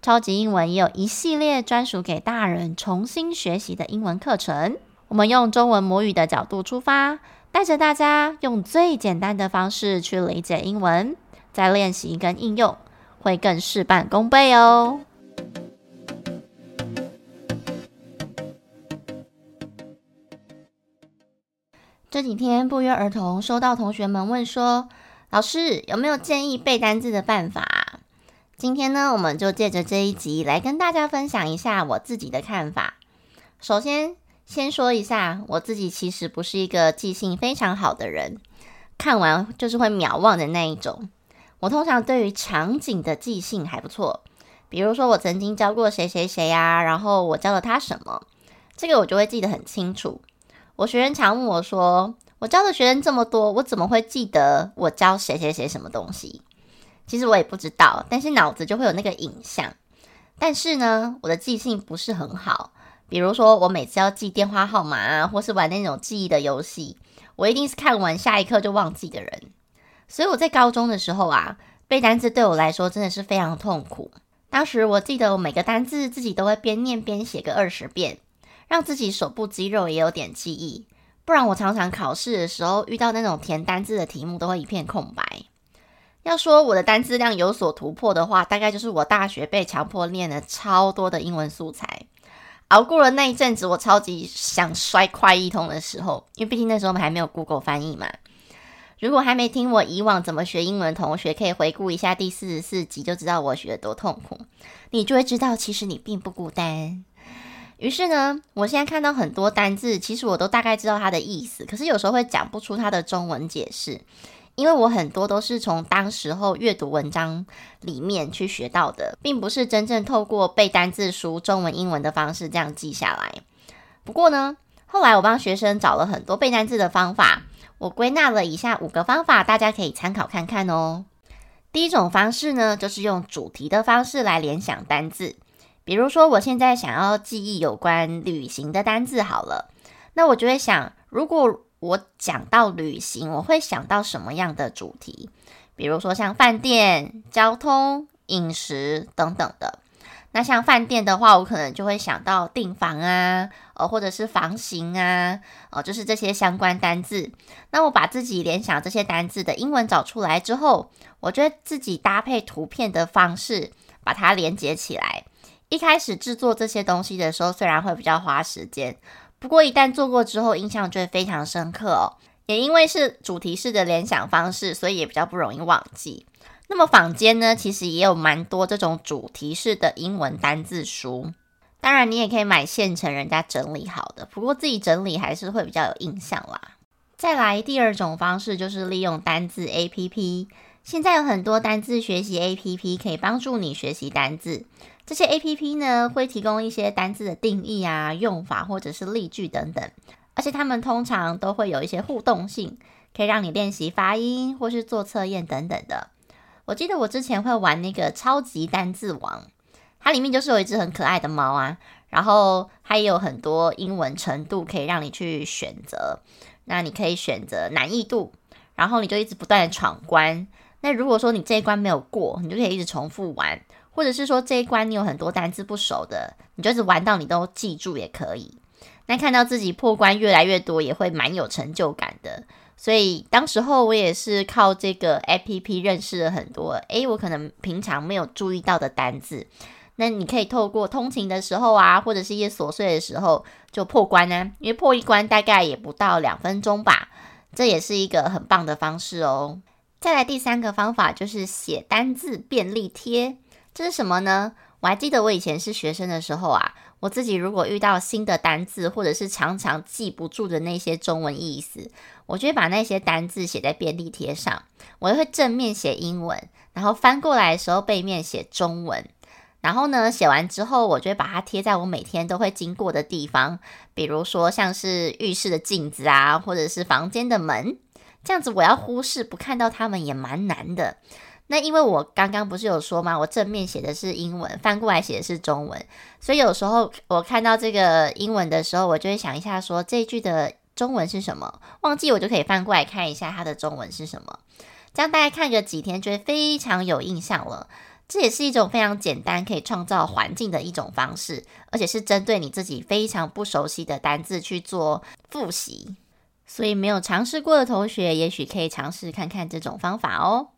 超級英文也有一系列專屬給大人重新學習的英文課程。我們用中文母語的角度出發，帶着大家用最簡單的方式去理解英文，再練習跟應用，會更事半功倍哦。這幾天不約而同收到同學們問說：“老師有沒有建議背單字的辦法？”今天呢，我們就借着這一集來跟大家分享一下我自己的看法。首先，先說一下我自己，其實不是一個記性非常好的人，看完就是會秒忘的那一種。我通常對於場景的記性還不錯，比如說我曾經教過誰誰誰啊，然後我教了他什麼，這個我就會記得很清楚。我學生常問我說，我教的學生這麼多，我怎麼會記得我教誰誰誰什麼東西？其實我也不知道，但是腦子就會有那個影像。但是呢，我的記性不是很好。比如說，我每次要記電話號碼啊，或是玩那種記憶的遊戲，我一定是看完下一刻就忘記的人。所以我在高中的時候啊，背單字對我來說真的是非常痛苦。當時我記得我每個單字自己都會邊念邊寫個二十遍，讓自己手部肌肉也有點記憶。不然我常常考試的時候遇到那種填單字的題目都會一片空白。要說我的單字量有所突破的話，大概就是我大學被強迫練了超多的英文素材，熬過了那一陣子我超級想摔快譯通的時候，因為畢竟那時候我們還沒有 Google 翻譯嘛。如果還沒聽我以往怎麼學英文，同學可以回顧一下第四十四集，就知道我學得多痛苦，你就會知道其實你並不孤單。於是呢，我現在看到很多單字，其實我都大概知道它的意思，可是有時候會講不出它的中文解釋。因為我很多都是從當時候閱讀文章裡面去學到的，並不是真正透過背單字書，中文、英文的方式這樣記下來。不過呢，後來我幫學生找了很多背單字的方法，我歸納了以下五個方法，大家可以參考看看哦。第一種方式呢，就是用主題的方式來聯想單字，比如說我現在想要記憶有關旅行的單字，好了，那我就會想，如果我講到旅行，我會想到什麼樣的主題？比如說像飯店、交通、飲食等等的。那像飯店的話，我可能就會想到訂房啊，呃、哦，或者是房型啊，哦，就是這些相關單字。那我把自己聯想這些單字的英文找出來之後，我就會自己搭配圖片的方式把它連接起來。一開始制作這些東西的時候，雖然會比較花時間。不過一旦做過之後，印象就會非常深刻哦。也因為是主題式的聯想方式，所以也比較不容易忘記。那麼坊間呢，其實也有蠻多這種主題式的英文單字書。當然，你也可以買現成人家整理好的，不過自己整理還是會比較有印象啦。再來，第二種方式就是利用單字 APP。現在有很多單字學習 APP 可以幫助你學習單字。這些 APP 呢，會提供一些單字的定義啊、用法或者是例句等等，而且它們通常都會有一些互動性，可以讓你練習發音或是做測驗等等的。我記得我之前會玩那個超級單字王，它裡面就是有一隻很可愛的貓啊，然後它也有很多英文程度可以讓你去選擇。那你可以選擇難易度，然後你就一直不斷的闖關。那如果說你這一關沒有過，你就可以一直重複玩。或者是說這一關你有很多單字不熟的，你就是玩到你都記住也可以。那看到自己破關越來越多，也會蠻有成就感的。所以當時候我也是靠這個 APP 認識了很多，誒，我可能平常沒有注意到的單字。那你可以透過通勤的時候啊，或者是一些瑣碎的時候就破關呢、啊，因為破一關大概也不到兩分鐘吧，這也是一個很棒的方式哦。再來第三個方法就是寫單字便利貼。這是什麼呢？我還記得我以前是學生的時候啊，我自己如果遇到新的單字，或者是常常記不住的那些中文意思，我就會把那些單字寫在便利貼上。我就會正面寫英文，然後翻過來的時候背面寫中文。然後呢，寫完之後，我就會把它貼在我每天都會經過的地方，比如說像是浴室的鏡子啊，或者是房間的門。這樣子我要忽視不看到他們也蠻難的。那因為我剛剛不是有說嗎？我正面寫的是英文，翻過來寫的是中文，所以有時候我看到這個英文的時候，我就會想一下說，說這句的中文是什麼？忘記我就可以翻過來看一下它的中文是什麼？這樣大概看個幾天，就會非常有印象了。這也是一種非常簡單可以創造環境的一種方式，而且是針對你自己非常不熟悉的單字去做複習。所以沒有嘗試過的同學，也許可以嘗試看看這種方法哦、喔。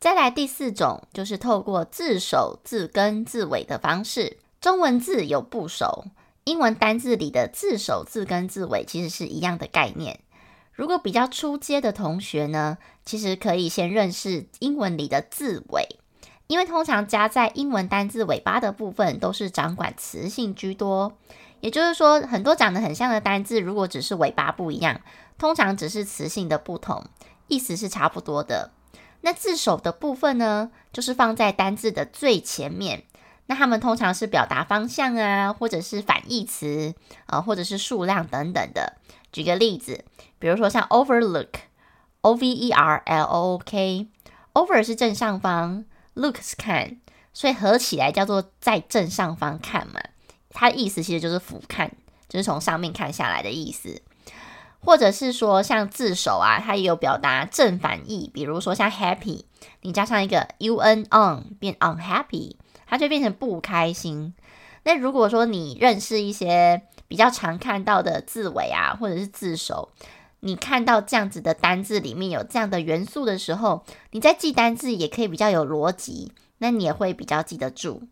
再來第四種，就是透過字首、字根、字尾的方式。中文字有部首，英文單字裡的字首、字根、字尾其實是一樣的概念。如果比較初階的同學呢，其實可以先認識英文裡的字尾，因為通常加在英文單字尾巴的部分都是掌管詞性居多。也就是說，很多長得很像的單字，如果只是尾巴不一樣，通常只是詞性的不同，意思是差不多的。那字首的部分呢，就是放在單字的最前面。那它們通常是表達方向啊，或者是反義詞啊、呃，或者是數量等等的。舉個例子，比如說像 overlook，O V E R L O O K，over 是正上方，look 是看，can, 所以合起來叫做在正上方看嘛。它的意思其實就是俯看，就是從上面看下來的意思。或者是說像字首啊，它也有表達正反義，比如說像 happy，你加上一個 un on 變 unhappy，它就變成不開心。那如果說你認識一些比較常看到的字尾啊，或者是字首，你看到這樣子的單字裡面有這樣的元素的時候，你在記單字也可以比較有邏輯，那你也會比較記得住。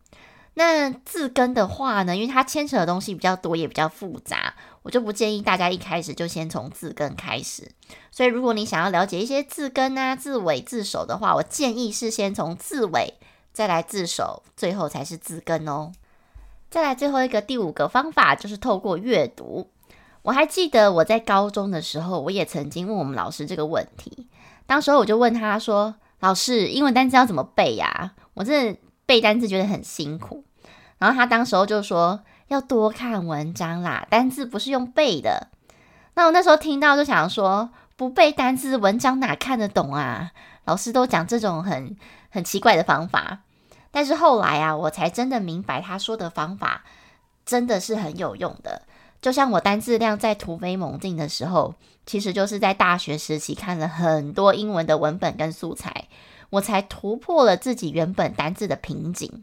那字根的話呢，因為它牽扯的東西比較多，也比較複雜，我就不建議大家一開始就先從字根開始。所以，如果你想要了解一些字根啊、字尾、字首的話，我建議是先從字尾，再來字首，最後才是字根哦。再來最後一個第五個方法就是透過閱讀。我還記得我在高中的時候，我也曾經問我們老師這個問題。當時我就問他說：“老師，英文單字要怎麼背呀、啊？我真的背單字覺得很辛苦。”然後他當時候就說，要多看文章啦，單字不是用背的。那我那時候聽到就想說，不背單字，文章哪看得懂啊？老師都講這種很很奇怪的方法。但是後來啊，我才真的明白他說的方法真的是很有用的。就像我單字量在突飛猛進的時候，其實就是在大學時期看了很多英文的文本跟素材，我才突破了自己原本單字的瓶頸。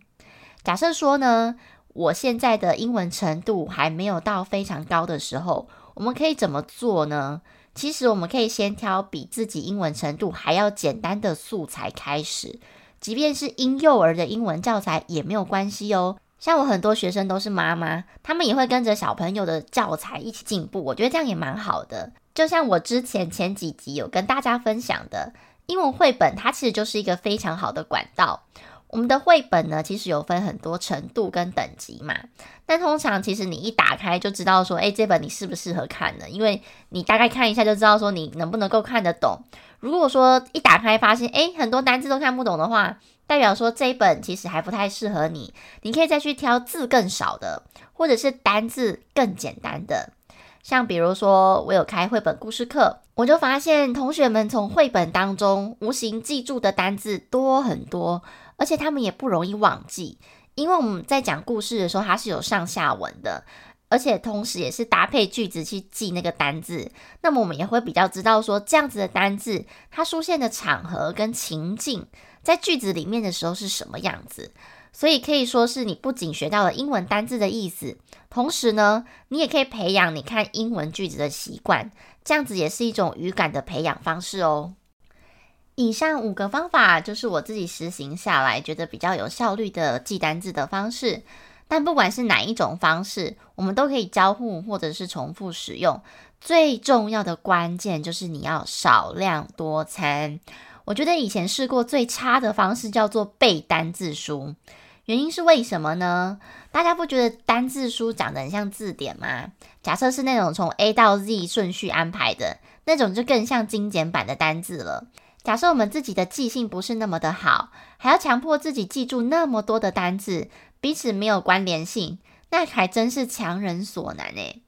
假設說呢，我現在的英文程度還沒有到非常高的時候，我們可以怎麼做呢？其實我們可以先挑比自己英文程度還要簡單的素材開始，即便是嬰幼兒的英文教材也沒有關係哦。像我很多學生都是媽媽，他們也會跟着小朋友的教材一起進步，我覺得這樣也蠻好的。就像我之前前幾集有跟大家分享的，英文繪本它其實就是一個非常好的管道。我們的繪本呢，其實有分很多程度跟等級嘛。但通常其實你一打開就知道說，誒這本你適不適合看呢？因為你大概看一下就知道說，你能不能夠看得懂。如果說一打開發現，誒很多單字都看不懂的話，代表說這一本其實還不太適合你。你可以再去挑字更少的，或者是單字更簡單的。像比如說，我有開繪本故事課，我就發現同學們從繪本當中無形記住的單字多很多。而且他們也不容易忘記，因為我們在講故事的時候，它是有上下文的，而且同時也是搭配句子去記那個單字。那麼我們也會比較知道說，這樣子的單字它出現的場合跟情境，在句子裡面的時候是什麼樣子。所以可以說是你不僅學到了英文單字的意思，同時呢，你也可以培養你看英文句子的習慣，這樣子也是一種語感的培養方式哦。以上五個方法就是我自己實行下來覺得比較有效率的記單字的方式。但不管是哪一種方式，我們都可以交互或者是重複使用。最重要的關鍵就是你要少量多餐。我覺得以前試過最差的方式叫做背單字書，原因是為什麼呢？大家不覺得單字書長得很像字典嗎？假設是那種從 A 到 Z 順序安排的那種，就更像精簡版的單字書了。假設我們自己的記性不是那麼的好，還要強迫自己記住那麼多的單字，彼此沒有關聯性，那還真是強人所難欸。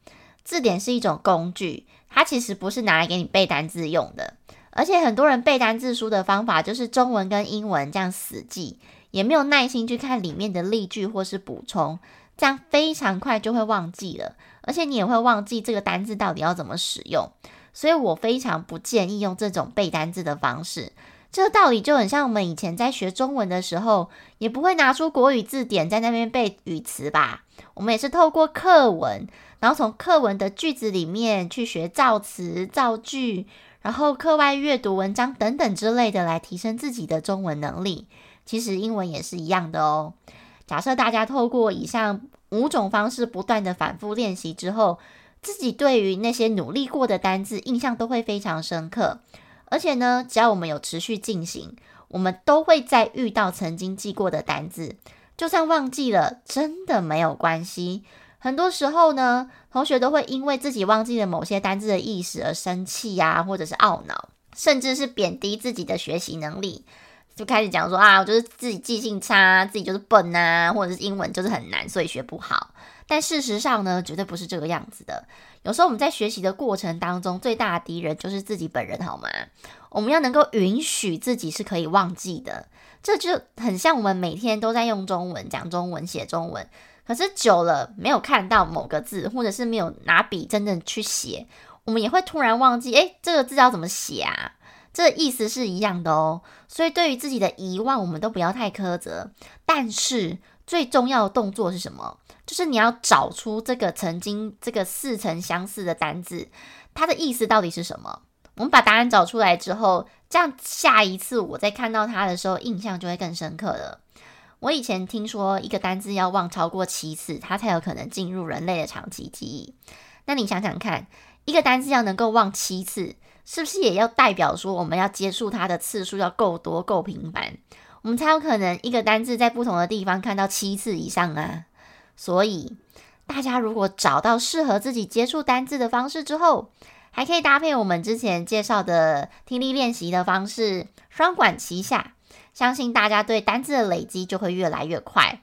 字典是一種工具，它其實不是拿來給你背單字用的。而且很多人背單字書的方法就是中文跟英文這樣死記，也沒有耐心去看裡面的例句或是補充，這樣非常快就會忘記了，而且你也會忘記這個單字到底要怎麼使用。所以我非常不建議用這種背單字的方式。這個道理就很像我們以前在學中文的時候，也不會拿出國語字典在那邊背語詞吧？我們也是透過課文，然後從課文的句子裡面去學造詞、造句，然後課外閱讀文章等等之類的來提升自己的中文能力。其實英文也是一樣的哦。假設大家透過以上五種方式不斷的反復練習之後，自己對於那些努力過的單字印象都會非常深刻，而且呢，只要我們有持續進行，我們都會再遇到曾經記過的單字。就算忘記了，真的沒有關係。很多時候呢，同學都會因為自己忘記了某些單字的意思而生氣呀、啊，或者是懊惱，甚至是貶低自己的學習能力，就開始講說啊，我就是自己記性差，自己就是笨吶、啊，或者是英文就是很難，所以學不好。但事實上呢，絕對不是這個樣子的。有時候我們在學習的過程當中，最大的敵人就是自己本人，好嗎？我們要能夠允許自己是可以忘記的，這就很像我們每天都在用中文講中文、寫中文，可是久了沒有看到某個字，或者是沒有拿筆真正去寫，我們也會突然忘記。哎，這個字要怎麼寫啊？這個意思是一樣的哦。所以對於自己的遺忘，我們都不要太苛責。但是最重要的動作是什麼？就是你要找出這個曾經這個似曾相似的單字，它的意思到底是什麼？我們把答案找出來之後，這樣下一次我再看到它的時候，印象就會更深刻了。我以前聽說一個單字要忘超過七次，它才有可能進入人類的長期記憶。那你想想看，一個單字要能夠忘七次，是不是也要代表說我們要接觸它的次數要夠多夠頻繁，我們才有可能一個單字在不同的地方看到七次以上啊？所以，大家如果找到適合自己接觸單字的方式之後還可以搭配我們之前介紹的聽力練習的方式，雙管齊下，相信大家對單字的累積就會越來越快。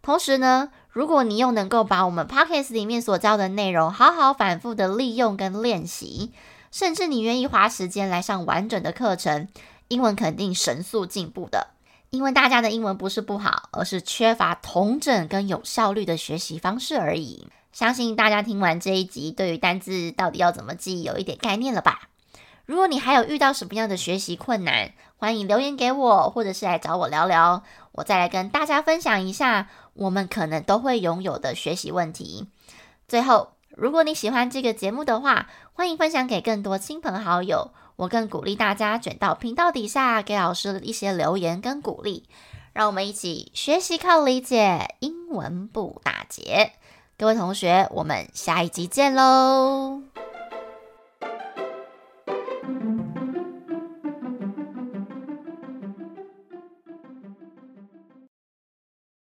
同時呢，如果你又能夠把我們 Podcast 裡面所教的內容好好反復的利用跟練習，甚至你願意花時間來上完整的課程，英文肯定神速進步的。因為大家的英文不是不好，而是缺乏統整跟有效率的學習方式而已。相信大家聽完這一集，對於單字到底要怎麼記憶有一點概念了吧？如果你還有遇到什麼樣的學習困難，歡迎留言給我，或者是來找我聊聊，我再來跟大家分享一下我們可能都會擁有的學習問題。最後，如果你喜歡這個節目的話，歡迎分享給更多親朋好友。我更鼓勵大家卷到頻道底下給老師一些留言跟鼓勵，讓我們一起學習靠理解，英文不打結。各位同學，我們下一集見嘍！